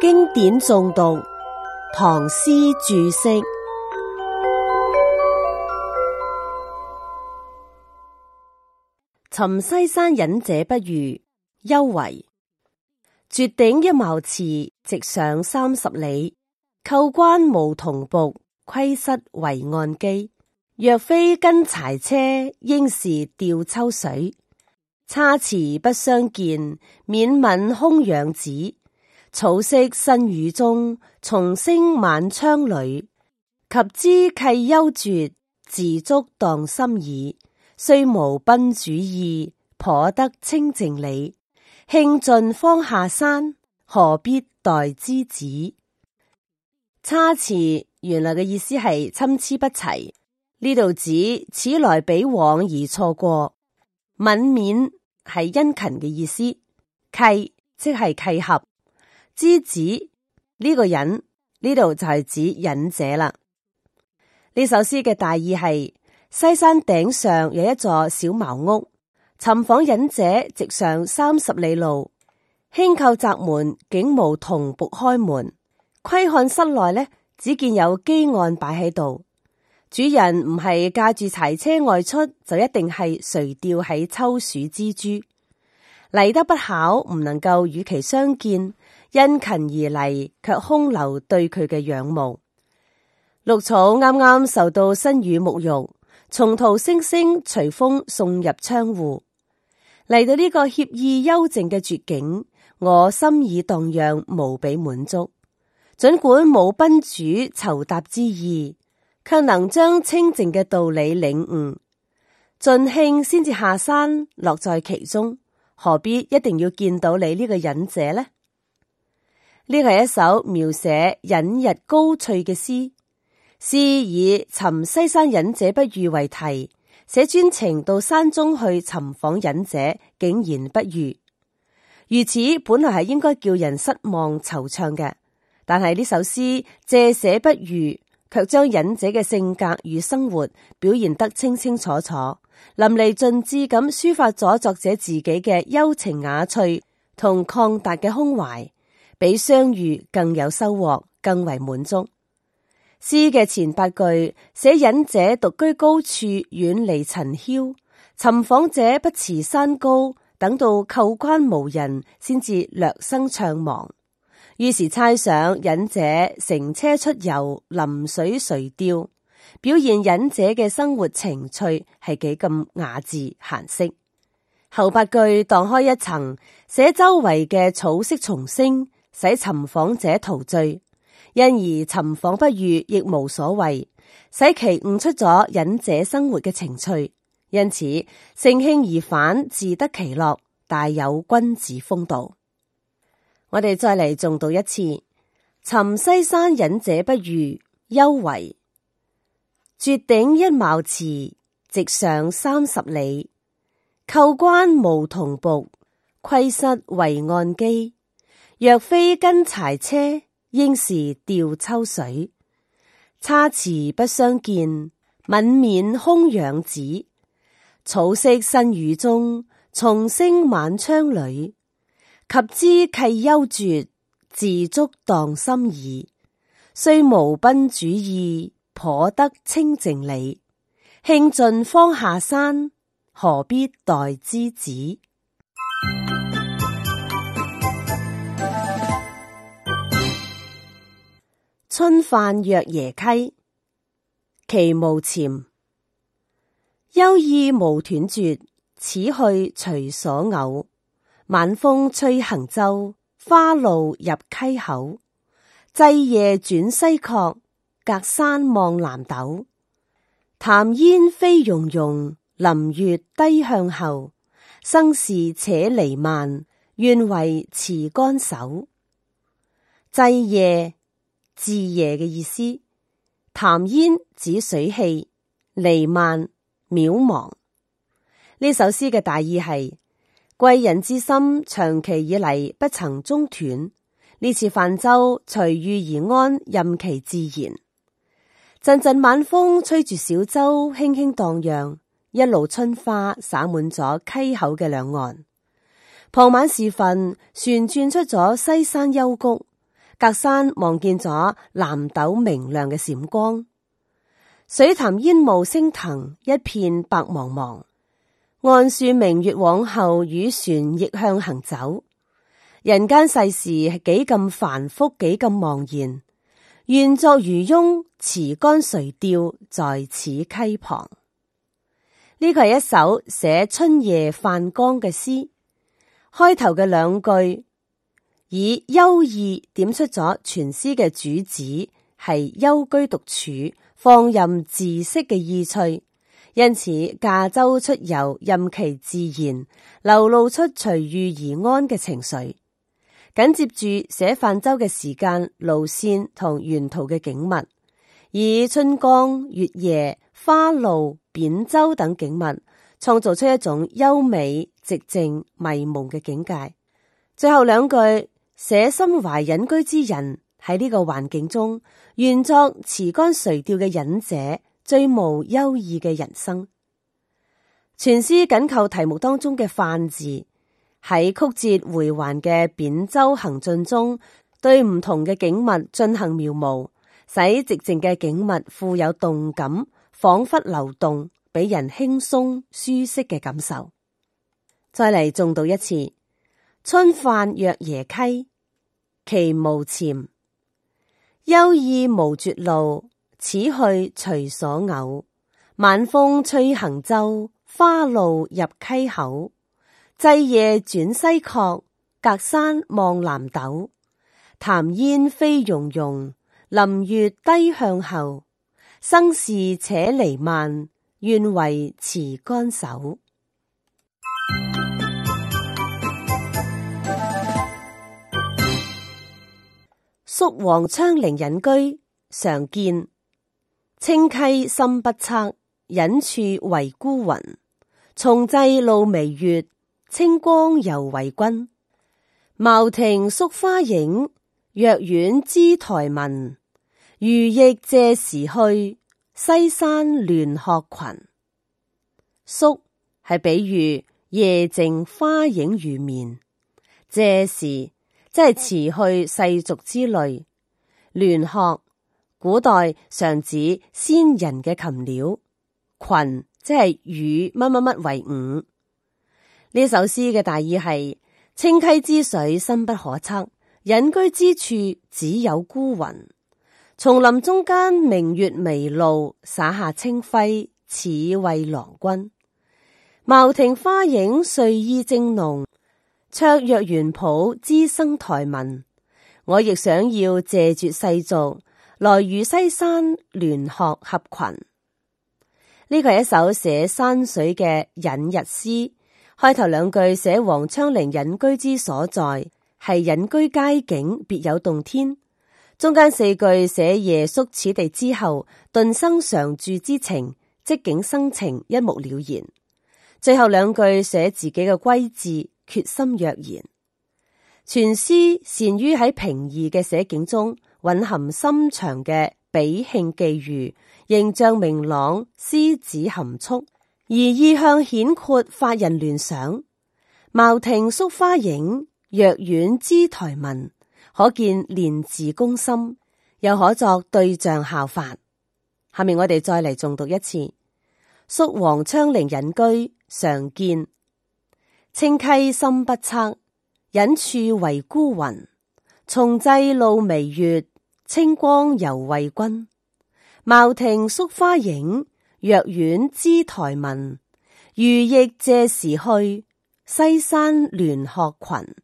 經典誦讀，唐詩注釋。尋西山隱者不遇，丘為絕頂一茅茨，直上三十里。叩關無僮僕，窺室唯案幾。若非巾柴車，應是釣秋水。差池不相見，黽勉空仰止。草色新雨中，松聲晚窗裏。及茲契幽絕，自足蕩心耳。雖無賓主意，頗得清靜理。興盡方下山，何必待之子？差池原來嘅意思係參差不齊，呢度指此來彼往而錯過。黽勉係殷勤嘅意思，契即係契合。之子呢個人，呢度就係指隱者啦。呢首詩嘅大意係西山頂上有一座小茅屋，尋訪隱者直上三十里路，輕叩宅門竟無僮僕開門。窺看室內呢，只見有幾案擺喺度，主人唔係駕住柴車外出，就一定係垂釣喺秋水之中。嚟得不巧，唔能夠與其相見。因勤而嚟，卻空留對佢嘅仰慕。綠草啱啱受到新雨沐浴，松濤聲聲隨風送入窗戶。嚟到呢個愜意幽靜嘅絕境，我心已蕩漾，無比滿足。儘管冇賓主酬答之意，卻能將清靜嘅道理領悟。盡興先至下山，樂在其中，何必一定要見到你呢個忍者呢？呢係一首描寫隱逸高趣嘅詩，詩以尋西山隱者不遇為題，寫專程到山中去尋訪隱者，竟然不遇。如此本來係應該叫人失望惆悵嘅，但係呢首詩借寫不遇，卻將隱者嘅性格與生活表現得清清楚楚，淋漓盡致咁抒發咗作者自己嘅幽情雅趣同曠達嘅胸懷。比相遇更有收穫，更為滿足。詩嘅前八句寫隱者獨居高處，遠離塵囂；尋訪者不辭山高，等到叩關無人，先至略生悵惘。於是猜想隱者乘車出遊，臨水垂釣，表現隱者嘅生活情趣係幾咁雅致閒適。後八句蕩開一層，寫周圍嘅草色叢生。使尋訪者陶醉，因而尋訪不遇亦無所謂，使其悟出咗隱者生活嘅情趣。因此乘興而返，自得其樂，大有君子風度。我哋再嚟重讀一次：尋西山隱者不遇，丘為絕頂一茅茨，直上三十里，叩關無僮僕，窺室唯案幾。若非跟柴車，應是釣秋水。差池不相見，黽勉空仰止。草色新雨中，蟲聲晚窗裏。及之契幽絕，自足蕩心意。雖無賓主意，頗得清靜理。興盡方下山，何必待之子？春泛若耶溪，其無潛憂意無斷絕。此去隨所偶，晚風吹行舟，花露入溪口。濟夜轉西廓，隔山望南斗。潭煙飛溶溶，林月低向後。生事且離慢，願為持竿守濟夜。自夜嘅意思，潭煙指水氣彌漫渺茫。呢首詩嘅大意係貴人之心長期以嚟不曾中斷，呢次泛舟隨遇而安，任其自然。陣陣晚風吹住小舟輕輕蕩漾，一路春花灑滿咗溪口嘅兩岸。傍晚時分，旋轉出咗西山幽谷。隔山望見咗藍斗明亮嘅閃光，水潭煙霧升騰，一片白茫茫。岸樹明月往後，漁船逆向行走。人間世事幾咁繁複，幾咁茫然，願作漁翁，持竿垂釣在此溪旁。呢個係一首寫春夜泛光嘅詩，開頭嘅兩句。以幽意點出咗全詩嘅主旨，係幽居獨處、放任自適嘅意趣。因此，駕舟出遊，任其自然，流露出隨遇而安嘅情緒。緊接住寫泛舟嘅時間、路線同沿途嘅景物，以春光、月夜、花露、扁舟等景物，創造出一種優美、寂靜、迷蒙嘅境界。最後兩句。寫心懷隱居之人喺呢個環境中，願作持竿垂釣嘅隱者，最無優異嘅人生。全詩緊扣題目當中嘅泛字，喺曲折回環嘅扁舟行進中，對唔同嘅景物進行描摹，使寂靜嘅景物富有動感，仿佛流動，俾人輕鬆舒適嘅感受。再嚟重讀一次《春泛若耶溪》。綦毋潛，幽意無絕路。此去隨所偶，晚風吹行舟，花路入溪口。際夜轉西壑，隔山望南斗。潭煙飛溶溶，林月低向後。生事且離慢，願為持竿叟。宿王昌齡隱居，常建。清溪深不測，隱處唯孤雲。松際露微月，清光猶為君。茅亭宿花影，藥院滋苔紋。余亦借時去，西山鸞鶴群。宿係比喻夜靜花影如眠，借時。即係辭去世俗之累，鸞鶴，古代常指仙人嘅禽鳥。群即係與乜乜乜為伍。呢首詩嘅大意係：清溪之水深不可測，隱居之處只有孤雲。松林中間，明月微露，灑下清輝，似為郎君。茅亭花影，睡意正濃。卓若元普之生台文，我亦想要謝絕世俗來與西山聯學合群。呢個係一首寫山水嘅隱逸詩，開頭兩句寫王昌齡隱居之所在，係隱居佳景，別有洞天。中間四句寫夜宿此地之後頓生常住之情，即景生情，一目了然。最後兩句寫自己嘅歸志。決心若然，全詩善於喺平易嘅寫景中蘊含深長嘅比興寄寓，形象明朗，詩旨含蓄，而意向顯豁，發人聯想。茅亭宿花影，藥院滋苔紋，可見煉字公心，又可作對象效法。下面我哋再嚟重讀一次。宿王昌齡隱居，常建。清溪深不測，隱處唯孤雲。松際露微月，清光猶為君。茅亭宿花影，藥院滋苔紋。余亦謝時去，西山鸞鶴群。